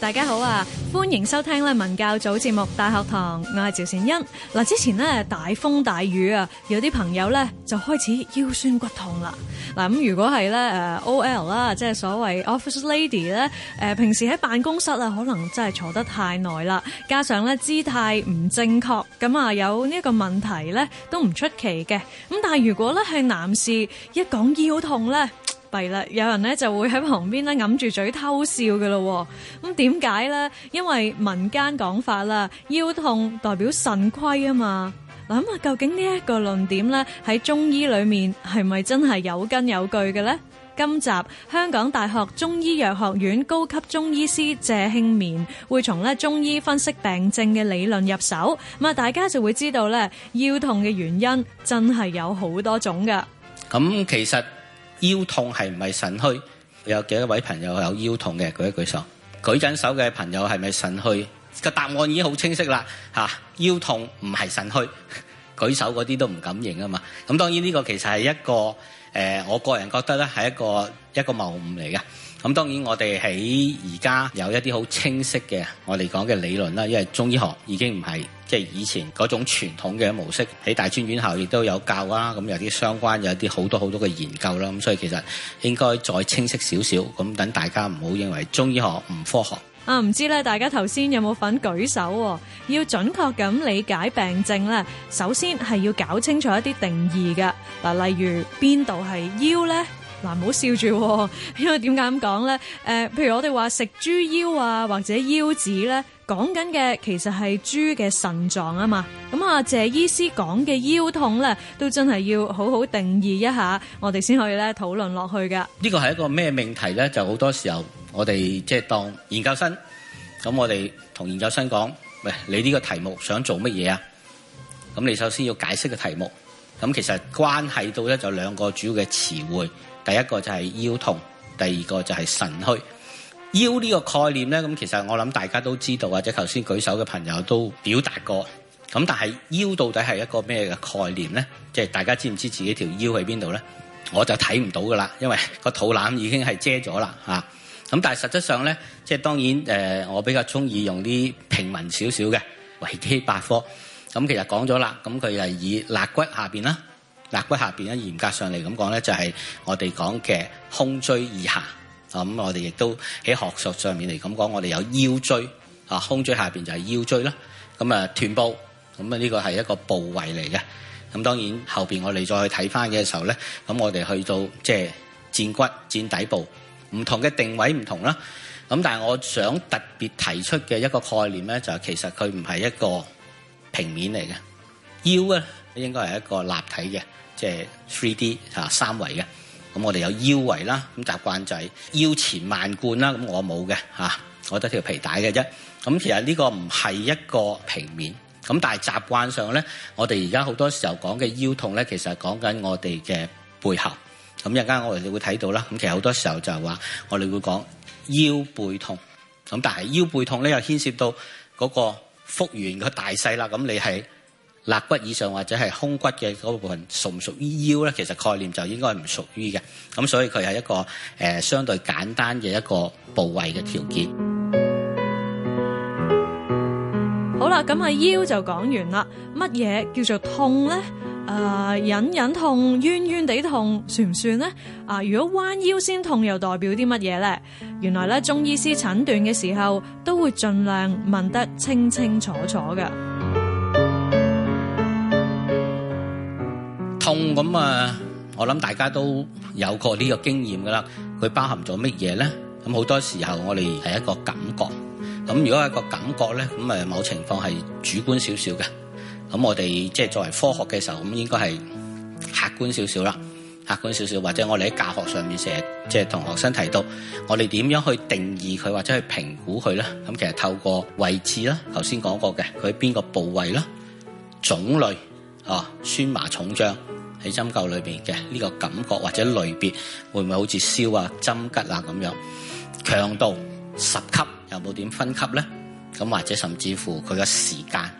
大家好啊，歡迎收聽咧文教組節目《大學堂》，我係趙善恩。嗱，之前呢，大風大雨啊，有啲朋友呢就開始腰酸骨痛啦。嗱，咁如果係咧誒 O L 啦，即係所謂 office lady 咧，誒平時喺辦公室啊，可能真係坐得太耐啦，加上呢姿態唔正確，咁啊有呢個問題呢都唔出奇嘅。咁但係如果呢係男士一講腰痛呢。弊啦！有人咧就會喺旁邊咧揞住嘴偷笑嘅咯。咁點解咧？因為民間講法啦，腰痛代表腎虧啊嘛。嗱啊，究竟呢一個論點咧喺中醫裏面係咪真係有根有據嘅呢？今集香港大學中醫藥學院高級中醫師謝慶綿會從咧中醫分析病症嘅理論入手，咁啊大家就會知道咧腰痛嘅原因真係有好多種嘅。咁其實。腰痛係唔係腎虛？有幾多位朋友有腰痛嘅？舉一舉手。舉緊手嘅朋友係咪腎虛？個答案已經好清晰啦，嚇！腰痛唔係腎虛。舉手嗰啲都唔敢認啊嘛。咁當然呢個其實係一個誒，我個人覺得咧係一個一個謬誤嚟嘅。咁當然，我哋喺而家有一啲好清晰嘅我哋講嘅理論啦，因為中醫學已經唔係即係以前嗰種傳統嘅模式，喺大專院校亦都有教啦，咁有啲相關，有啲好多好多嘅研究啦，咁所以其實應該再清晰少少，咁等大家唔好認為中醫學唔科學。啊，唔知咧，大家頭先有冇份舉手？要準確咁理解病症咧，首先係要搞清楚一啲定義嘅嗱，例如邊度係腰咧？嗱，唔好笑住，哦，因為點解咁講咧？誒、呃，譬如我哋話食豬腰啊，或者腰子咧，講緊嘅其實係豬嘅腎臟啊嘛。咁啊，謝醫師講嘅腰痛咧，都真係要好好定義一下，我哋先可以咧討論落去㗎。呢個係一個咩命題咧？就好多時候我哋即係當研究生，咁我哋同研究生講：喂，你呢個題目想做乜嘢啊？咁你首先要解釋個題目，咁其實關係到咧就兩個主要嘅詞彙。第一個就係腰痛，第二個就係腎虛。腰呢個概念呢，咁其實我諗大家都知道，或者頭先舉手嘅朋友都表達過。咁但係腰到底係一個咩嘅概念呢？即係大家知唔知自己條腰喺邊度呢？我就睇唔到噶啦，因為個肚腩已經係遮咗啦吓。咁但係實質上呢，即係當然誒，我比較中意用啲平民少少嘅維基百科。咁其實講咗啦，咁佢係以肋骨下面啦。肋骨下邊咧，嚴格上嚟咁講咧，就係、是、我哋講嘅胸椎以下。咁我哋亦都喺學術上面嚟咁講，我哋有腰椎。啊，胸椎下邊就係腰椎啦。咁啊，臀部，咁啊呢個係一個部位嚟嘅。咁當然後面我哋再去睇翻嘅時候咧，咁我哋去到即係戰骨、戰底部，唔同嘅定位唔同啦。咁但係我想特別提出嘅一個概念咧，就係、是、其實佢唔係一個平面嚟嘅。腰咧、啊。應該係一個立體嘅，即係 three D 嚇、啊、三維嘅。咁我哋有腰圍啦，咁習慣就係腰前萬貫啦。咁我冇嘅嚇，我得條、啊、皮帶嘅啫。咁其實呢個唔係一個平面。咁但係習慣上咧，我哋而家好多時候講嘅腰痛咧，其實係講緊我哋嘅背後。咁一陣間我哋就會睇到啦。咁其實好多時候就係話，我哋會講腰背痛。咁但係腰背痛咧又牽涉到嗰個腹圓嘅大細啦。咁你係。肋骨以上或者係胸骨嘅嗰部分屬唔屬於腰咧？其實概念就應該唔屬於嘅。咁、嗯、所以佢係一個、呃、相對簡單嘅一個部位嘅條件。好啦，咁啊腰就講完啦。乜嘢叫做痛咧？誒隱隱痛、冤冤地痛算唔算咧？啊、呃，如果彎腰先痛又代表啲乜嘢咧？原來咧，中醫師診斷嘅時候都會盡量問得清清楚楚嘅。咁啊！我諗大家都有過呢個經驗噶啦。佢包含咗乜嘢咧？咁好多時候我哋係一個感覺。咁如果係一個感覺咧，咁啊某情況係主觀少少嘅。咁我哋即係作為科學嘅時候，咁應該係客觀少少啦。客觀少少，或者我哋喺教學上面成日即係同學生提到，我哋點樣去定義佢或者去評估佢咧？咁其實透過位置啦，頭先講過嘅，佢喺邊個部位啦？種類啊，酸麻重脹。喺針灸裏面嘅呢、這個感覺或者類別，會唔會好似燒啊、針吉啊咁樣，強度十級，又沒有冇點分級咧？咁或者甚至乎佢嘅時間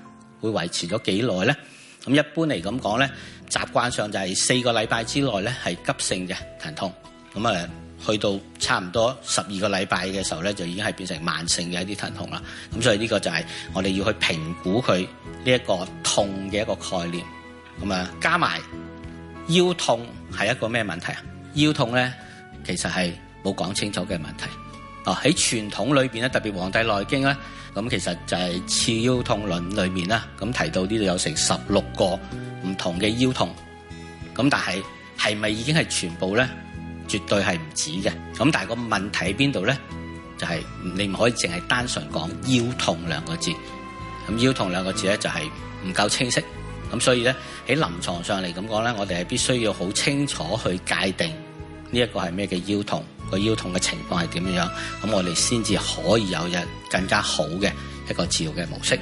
會維持咗幾耐咧？咁一般嚟咁講咧，習慣上就係四個禮拜之內咧係急性嘅疼痛，咁啊、呃、去到差唔多十二個禮拜嘅時候咧，就已經係變成慢性嘅一啲疼痛啦。咁所以呢個就係我哋要去評估佢呢一個痛嘅一個概念，咁啊加埋。腰痛係一個咩問題啊？腰痛咧，其實係冇講清楚嘅問題。哦，喺傳統裏邊咧，特別《黃帝內經》咧，咁其實就係、是《刺腰痛論》裏面啦，咁提到呢度有成十六個唔同嘅腰痛，咁但係係咪已經係全部咧？絕對係唔止嘅。咁但係個問題喺邊度咧？就係、是、你唔可以淨係單純講腰痛兩個字。咁腰痛兩個字咧，就係唔夠清晰。咁所以咧，喺臨床上嚟咁講咧，我哋係必須要好清楚去界定呢一個係咩嘅腰痛，個腰痛嘅情況係點樣，咁我哋先至可以有一更加好嘅一個治療嘅模式。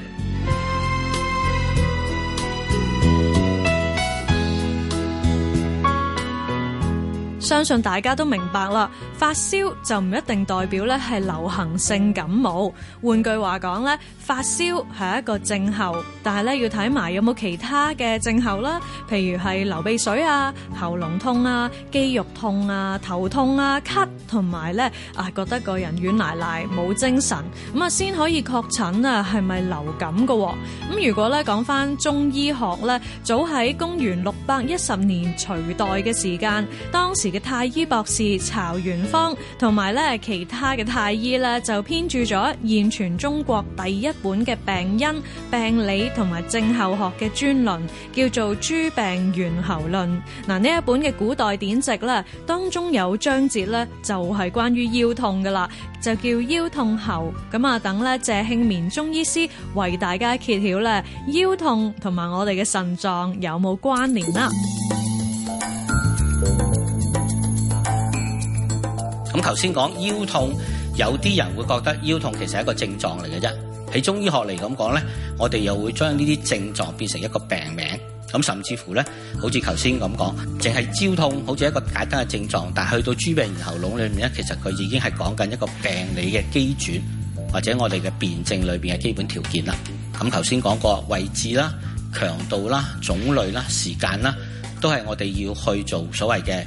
相信大家都明白啦，發燒就唔一定代表咧係流行性感冒。換句話講咧，發燒係一個症候，但係咧要睇埋有冇其他嘅症候啦，譬如係流鼻水啊、喉嚨痛啊、肌肉痛啊、頭痛啊、咳，同埋咧啊覺得個人軟賴賴冇精神咁啊，先可以確診啊係咪流感噶？咁如果咧講翻中醫學咧，早喺公元六百一十年隋代嘅時間，當時嘅太醫博士巢元方同埋咧其他嘅太醫咧，就編著咗現存中國第一本嘅病因、病理同埋症候學嘅專論，叫做《諸病源候論》。嗱呢一本嘅古代典籍啦，當中有章節咧就係關於腰痛噶啦，就叫腰痛候」。咁啊，等咧謝慶綿中醫師為大家揭曉咧腰痛同埋我哋嘅腎臟有冇關聯啦。咁頭先講腰痛，有啲人會覺得腰痛其實係一個症狀嚟嘅啫。喺中醫學嚟咁講呢，我哋又會將呢啲症狀變成一個病名。咁甚至乎呢，好似頭先咁講，淨係腰痛好似一個簡單嘅症狀，但係去到諸病源候論裏面呢，其實佢已經係講緊一個病理嘅機轉，或者我哋嘅辨證裏面嘅基本條件啦。咁頭先講過位置啦、強度啦、種類啦、時間啦，都係我哋要去做所謂嘅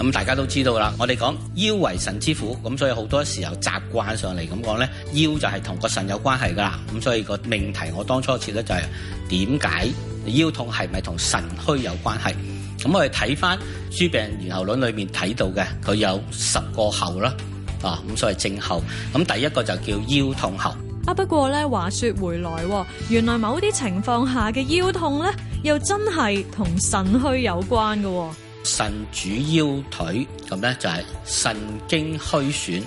咁大家都知道啦，我哋講腰為腎之府，咁所以好多時候習慣上嚟咁講呢，腰就係同個腎有關係噶啦。咁所以個命題我當初設咧就係點解腰痛係咪同腎虛有關係？咁我哋睇翻《諸病源候論》裏面睇到嘅，佢有十個候啦，啊，咁所以症候，咁第一個就叫腰痛候。啊，不過呢，話說回來，原來某啲情況下嘅腰痛呢，又真係同腎虛有關嘅。腎主腰腿，咁咧就係、是、腎經虛損，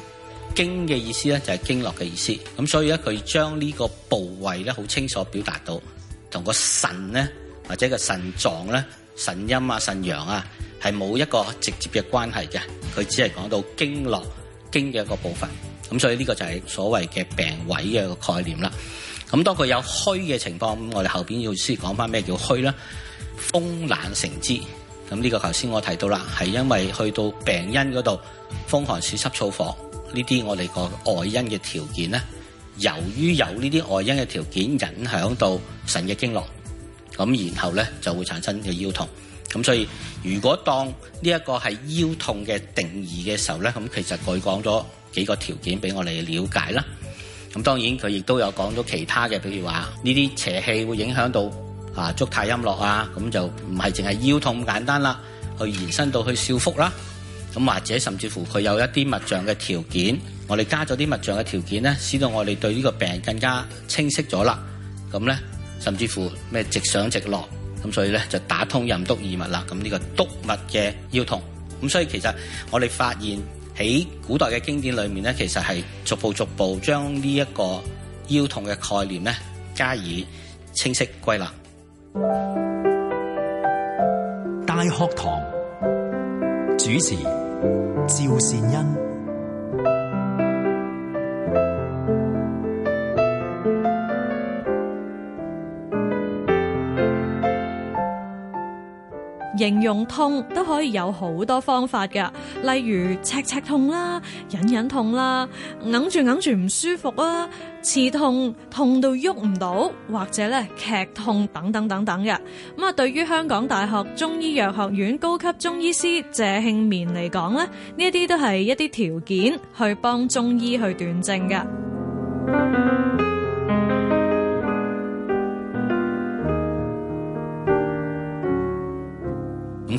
經嘅意思咧就係經絡嘅意思。咁所以咧佢將呢個部位咧好清楚表達到，同個腎咧或者個腎臟咧腎陰啊腎陽啊係冇一個直接嘅關係嘅，佢只係講到經絡經嘅一個部分。咁所以呢個就係所謂嘅病位嘅一個概念啦。咁當佢有虛嘅情況，我哋後邊要先講翻咩叫虛咧？風冷成之。咁呢個頭先我提到啦，係因為去到病因嗰度，風寒暑濕燥火呢啲我哋個外因嘅條件咧，由於有呢啲外因嘅條件影響到腎嘅經絡，咁然後咧就會產生嘅腰痛。咁所以如果當呢一個係腰痛嘅定義嘅時候咧，咁其實佢講咗幾個條件俾我哋了解啦。咁當然佢亦都有講到其他嘅，比如話呢啲邪氣會影響到。啊！足太陰絡啊，咁就唔係淨係腰痛咁簡單啦，去延伸到去少腹啦。咁或者甚至乎佢有一啲物象嘅條件，我哋加咗啲物象嘅條件咧，使到我哋對呢個病更加清晰咗啦。咁咧，甚至乎咩直上直落，咁所以咧就打通任督二脈啦。咁呢個督脈嘅腰痛，咁所以其實我哋發現喺古代嘅經典裏面咧，其實係逐步逐步將呢一個腰痛嘅概念咧加以清晰歸納。大學堂主持：趙善恩。形容痛都可以有好多方法噶例如赤赤痛啦、隱隱痛啦、揞住揞住唔舒服啊、刺痛痛到喐唔到，或者咧劇痛等等等等嘅。咁啊，對於香港大學中醫藥學院高級中醫師謝慶綿嚟講咧，呢一啲都係一啲條件去幫中醫去斷症嘅。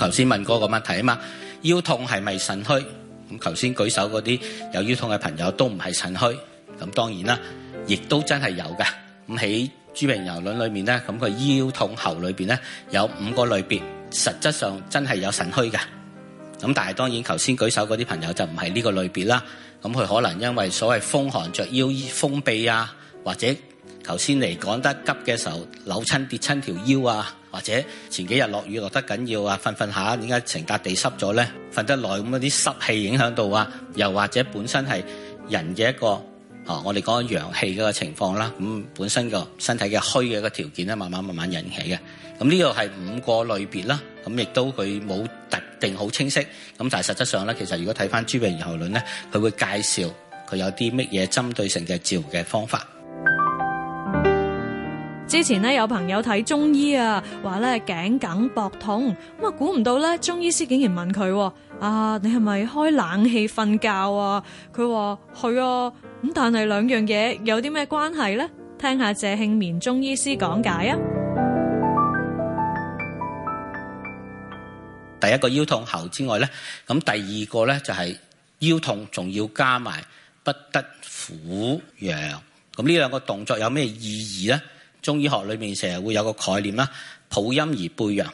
頭先問過個問題啊嘛，腰痛係咪腎虛？咁頭先舉手嗰啲有腰痛嘅朋友都唔係腎虛，咁當然啦，亦都真係有噶。咁喺《諸病源候論》裏面呢，咁個腰痛候裏邊呢，有五個類別，實質上真係有腎虛噶。咁但係當然頭先舉手嗰啲朋友就唔係呢個類別啦。咁佢可能因為所謂風寒着腰封痹啊，或者頭先嚟講得急嘅時候扭親跌親條腰啊。或者前幾日落雨落得緊要啊，瞓瞓下點解成笪地濕咗咧？瞓得耐咁嗰啲濕氣影響到啊，又或者本身係人嘅一個啊，我哋講陽氣嘅個情況啦，咁本身個身體嘅虛嘅一個條件咧，慢慢慢慢引起嘅。咁呢度係五個類別啦，咁亦都佢冇特定好清晰。咁但係實質上咧，其實如果睇翻《諸病源候論》咧，佢會介紹佢有啲乜嘢針對性嘅治療嘅方法。之前咧，有朋友睇中醫啊，話咧頸梗、膊痛咁啊，估唔到咧中醫師竟然問佢：啊，你係咪開冷氣瞓覺啊？佢話係啊，但係兩樣嘢有啲咩關係咧？聽下謝慶綿中醫師講解啊。第一個腰痛喉之外咧，咁第二個咧就係腰痛，仲要加埋不得俯仰咁，呢兩個動作有咩意義咧？中醫學裏面成日會有個概念啦，抱陰而背陽，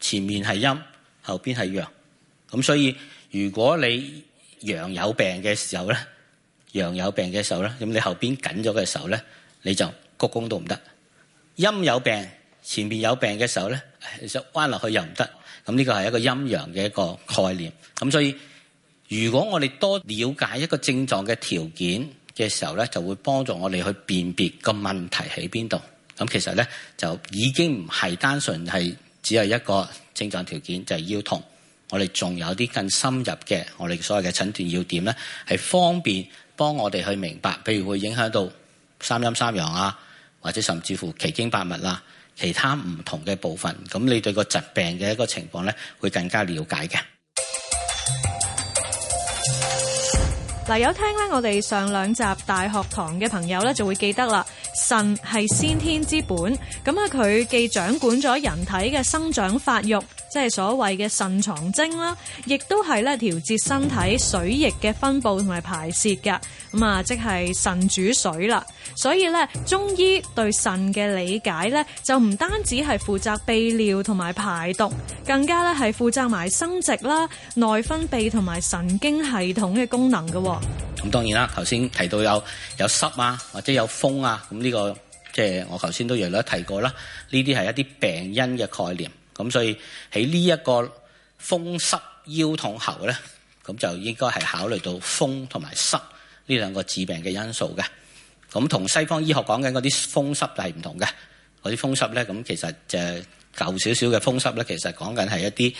前面係陰，後邊係陽。咁所以如果你陽有病嘅時候咧，陽有病嘅時候咧，咁你後邊緊咗嘅時候咧，你就鞠躬都唔得。陰有病，前面有病嘅時候咧，你就彎落去又唔得。咁呢個係一個陰陽嘅一個概念。咁所以如果我哋多了解一個症狀嘅條件嘅時候咧，就會幫助我哋去辨別個問題喺邊度。咁其實咧，就已經唔係單純係只係一個症狀條件，就係、是、腰痛。我哋仲有啲更深入嘅，我哋所謂嘅診斷要點咧，係方便幫我哋去明白，譬如會影響到三陰三陽啊，或者甚至乎奇經八脈啦、啊，其他唔同嘅部分。咁你對個疾病嘅一個情況咧，會更加了解嘅。嗱，有聽咧，我哋上兩集大學堂嘅朋友咧，就會記得啦。腎係先天之本，咁啊佢既掌管咗人體嘅生長發育。即係所謂嘅腎藏精啦，亦都係咧調節身體水液嘅分佈同埋排泄嘅，咁啊，即係腎主水啦。所以咧，中醫對腎嘅理解咧，就唔單止係負責泌尿同埋排毒，更加咧係負責埋生殖啦、內分泌同埋神經系統嘅功能嘅。咁當然啦，頭先提到有有濕啊，或者有風啊，咁呢個即係我頭先都略略提過啦。呢啲係一啲病因嘅概念。咁所以喺呢一個風濕腰痛喉咧，咁就應該係考慮到風同埋濕呢兩個致病嘅因素嘅。咁同西方醫學講緊嗰啲風濕就係唔同嘅。嗰啲風濕咧，咁其實就係舊少少嘅風濕咧，其實講緊係一啲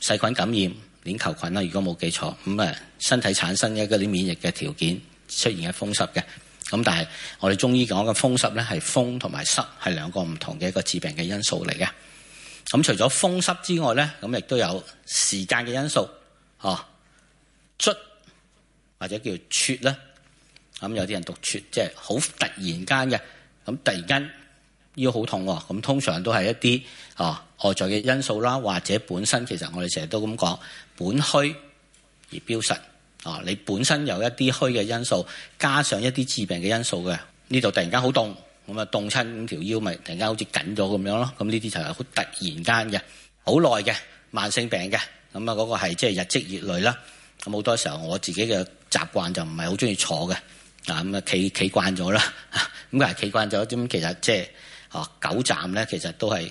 細菌感染，鏈球菌啦，如果冇記錯，咁啊，身體產生一嗰啲免疫嘅條件出現嘅風濕嘅。咁但係我哋中醫講嘅風濕咧，係風同埋濕，係兩個唔同嘅一個致病嘅因素嚟嘅。咁除咗風濕之外咧，咁亦都有時間嘅因素，哦，卒或者叫猝呢。咁有啲人讀猝，即係好突然間嘅，咁突然間腰好、這個、痛喎，咁通常都係一啲啊外在嘅因素啦，或者本身其實我哋成日都咁講，本虛而標實，啊，你本身有一啲虛嘅因素，加上一啲致病嘅因素嘅，呢度突然間好凍。咁啊，凍親條腰，咪突然間好似緊咗咁樣咯。咁呢啲就係好突然間嘅，好耐嘅慢性病嘅。咁啊，嗰個係即係日積月累啦。咁好多時候我自己嘅習慣就唔係好中意坐嘅咁、咁啊、啊，企企慣咗啦。咁啊，企慣咗，咁其實即係久站咧，其實都係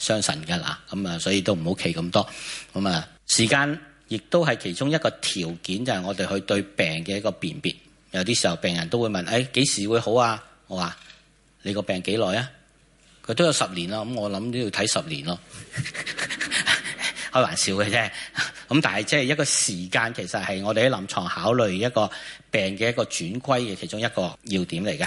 傷神㗎啦。咁啊，所以都唔好企咁多。咁啊，時間亦都係其中一個條件，就係我哋去對病嘅一個辨別。有啲時候病人都會問：誒、哎、幾時會好啊？我話。你個病幾耐啊？佢都有十年咯，咁我諗都要睇十年咯， 開玩笑嘅啫。咁但係即係一個時間，其實係我哋喺臨床考慮一個病嘅一個轉歸嘅其中一個要點嚟㗎。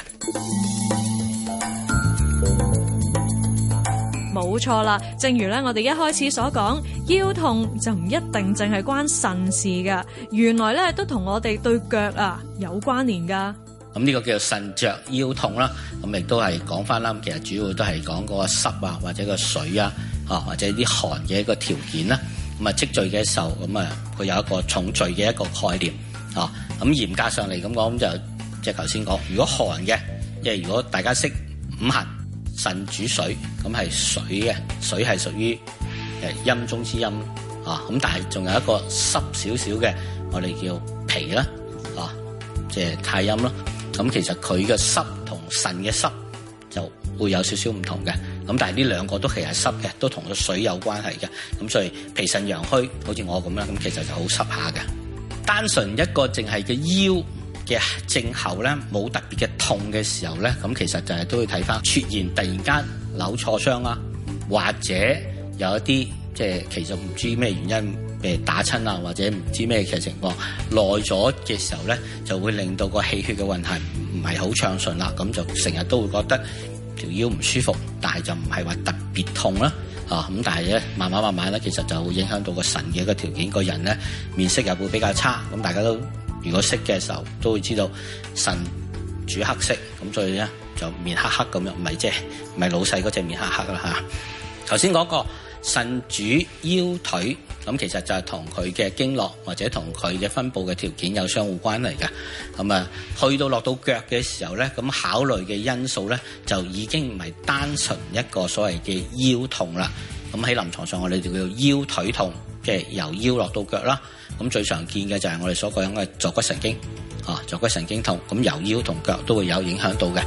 冇錯啦，正如咧，我哋一開始所講，腰痛就唔一定淨係關腎事㗎。原來咧都同我哋對腳啊有關聯㗎。咁呢個叫腎著腰痛啦，咁亦都係講翻啦。其實主要都係講嗰個濕啊，或者個水啊，或者啲寒嘅一個條件啦。咁啊積聚嘅時候，咁啊佢有一個重聚嘅一個概念，咁嚴格上嚟咁講，就即係頭先講，如果寒嘅，因為如果大家識五行，腎主水，咁係水嘅，水係屬於誒陰中之陰，咁但係仲有一個濕少少嘅，我哋叫脾啦，即係太陰咯。咁其實佢嘅濕同腎嘅濕就會有少少唔同嘅，咁但係呢兩個都其實濕嘅，都同個水有關係嘅。咁所以脾腎陽虛，好似我咁啦，咁其實就好濕下嘅。單純一個淨係個腰嘅症候咧，冇特別嘅痛嘅時候咧，咁其實就係都會睇翻出現突然間扭錯傷啦，或者有一啲即係其實唔知咩原因。誒打親啊，或者唔知咩嘅情況，耐咗嘅時候咧，就會令到個氣血嘅運行唔係好暢順啦。咁就成日都會覺得條腰唔舒服，但係就唔係話特別痛啦。啊，咁但係咧，慢慢慢慢咧，其實就會影響到個腎嘅個條件，個人咧面色又會比較差。咁大家都如果識嘅時候，都會知道腎主黑色，咁所以咧就面黑黑咁樣，唔係即係唔係老細嗰隻面黑黑啦嚇。頭先講個腎主腰腿。咁其實就係同佢嘅經絡或者同佢嘅分布嘅條件有相互關係嘅。咁啊，去到落到腳嘅時候呢，咁考慮嘅因素呢，就已經唔係單純一個所謂嘅腰痛啦。咁喺臨床上我哋就叫做腰腿痛，即係由腰落到腳啦。咁最常見嘅就係我哋所講嘅坐骨神經，啊，坐骨神經痛，咁由腰同腳都會有影響到嘅。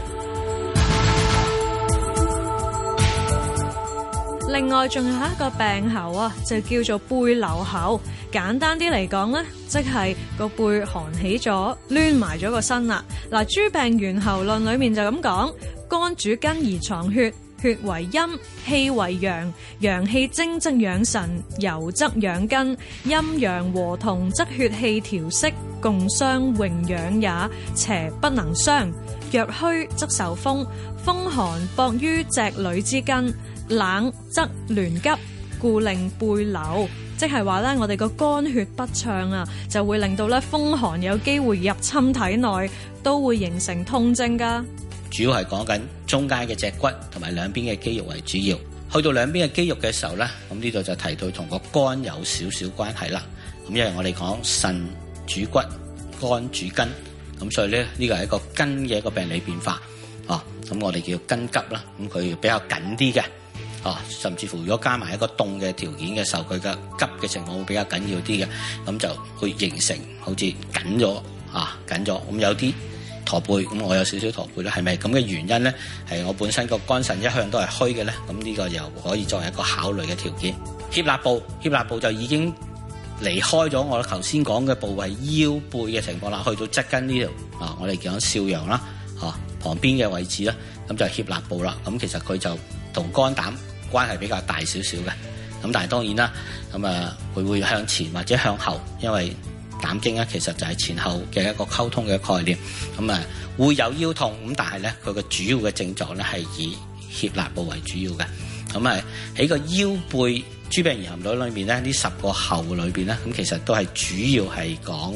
另外仲有一個病候啊，就叫做背流候。簡單啲嚟講呢，即係個背寒起咗，攣埋咗個身啦。嗱，《諸病源候論》裏面就咁講：肝主筋而藏血，血為陰，氣為陽，陽氣精則養神，柔則養筋，陰陽和同，則血氣調適，共相榮養也。邪不能傷，若虛則受風，風寒搏於脊膂之筋，冷則攣急，故令背僂，即係話咧，我哋個肝血不暢啊，就會令到咧風寒有機會入侵體內，都會形成痛症噶。主要係講緊中間嘅脊骨同埋兩邊嘅肌肉為主要，去到兩邊嘅肌肉嘅時候咧，咁呢度就提到同個肝有少少關係啦。咁因為我哋講腎主骨，肝主筋，咁所以咧呢個係一個筋嘅一個病理變化，哦，咁我哋叫筋急啦，咁佢比較緊啲嘅。哦、啊，甚至乎如果加埋一個凍嘅條件嘅時候，佢嘅急嘅情況會比較緊要啲嘅，咁就會形成好似緊咗啊緊咗。咁有啲駝背，咁我有少少駝背呢係咪咁嘅原因咧？係我本身個肝腎一向都係虛嘅咧，咁呢個又可以作為一個考慮嘅條件。脅肋部，脅肋部就已經離開咗我頭先講嘅部位腰背嘅情況啦，去到側筋呢度啊，我哋講少陽啦、啊，旁邊嘅位置啦。咁就脅肋部啦。咁其實佢就。同肝膽關係比較大少少嘅，咁但係當然啦，咁啊會會向前或者向後，因為膽經咧其實就係前後嘅一個溝通嘅概念，咁啊會有腰痛，咁但係咧佢個主要嘅症狀咧係以脅肋部為主要嘅，咁啊喺個腰背諸病源錄裏面咧呢十個候裏邊咧，咁其實都係主要係講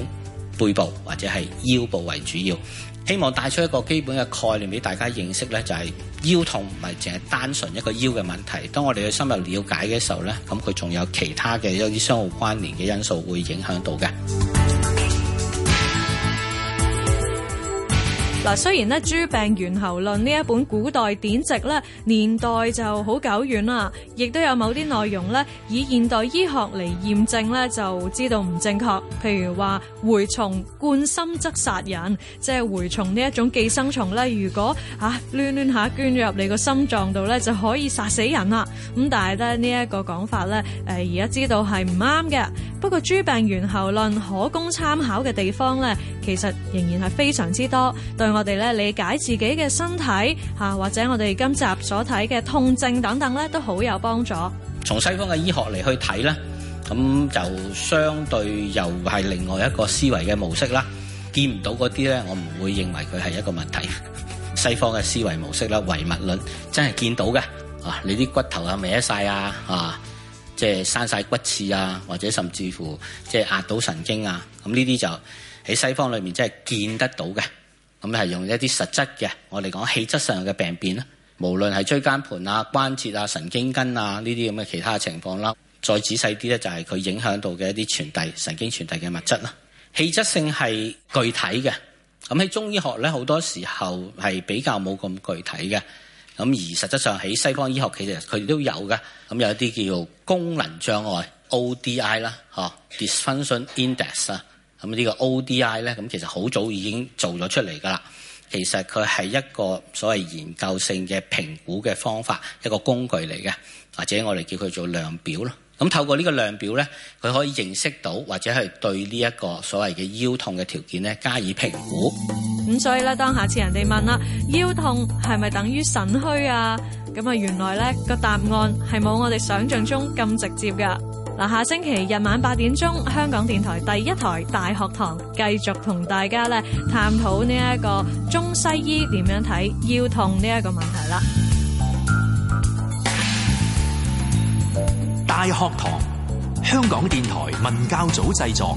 背部或者係腰部為主要。希望帶出一個基本嘅概念俾大家認識呢，就係、是、腰痛唔係淨係單純一個腰嘅問題。當我哋去深入了解嘅時候呢，咁佢仲有其他嘅一啲相互關聯嘅因素會影響到嘅。嗱，雖然咧《諸病源候論》呢一本古代典籍咧，年代就好久遠啦，亦都有某啲內容咧以現代醫學嚟驗證咧就知道唔正確。譬如話，蛔蟲灌心則殺人，即係蛔蟲呢一種寄生蟲咧，如果吓、啊、亂亂下捐咗入你個心臟度咧，就可以殺死人啦。咁但係咧呢一、這個講法咧，誒，而家知道係唔啱嘅。不過《諸病源候論》可供參考嘅地方咧。其實仍然係非常之多，對我哋咧理解自己嘅身體嚇、啊，或者我哋今集所睇嘅痛症等等咧，都好有幫助。從西方嘅醫學嚟去睇咧，咁就相對又係另外一個思維嘅模式啦。見唔到嗰啲咧，我唔會認為佢係一個問題。西方嘅思維模式咧，唯物論真係見到嘅啊！你啲骨頭啊，歪晒啊，即係生晒骨刺啊，或者甚至乎即係壓到神經啊，咁呢啲就。喺西方裏面真係見得到嘅，咁係用一啲實質嘅，我哋講氣質上嘅病變啦，無論係椎間盤啊、關節啊、神經根啊呢啲咁嘅其他情況啦，再仔細啲咧就係佢影響到嘅一啲傳遞神經傳遞嘅物質啦。氣質性係具體嘅，咁喺中醫學咧好多時候係比較冇咁具體嘅，咁而實質上喺西方醫學其實佢都有嘅，咁有一啲叫做功能障礙 ODI 啦，嚇，dysfunction index 啊。咁呢個 ODI 咧，咁其實好早已經做咗出嚟噶啦。其實佢係一個所謂研究性嘅評估嘅方法，一個工具嚟嘅，或者我哋叫佢做量表咯。咁透過呢個量表咧，佢可以認識到或者係對呢一個所謂嘅腰痛嘅條件咧加以評估。咁所以咧，當下次人哋問啦，腰痛係咪等於腎虛啊？咁啊，原來咧，嗰個答案係冇我哋想像中咁直接噶。嗱，下星期日晚八點鐘，香港電台第一台《大學堂》繼續同大家咧探討呢一個中西醫點樣睇腰痛呢一個問題啦，《大學堂》香港電台文教組製作。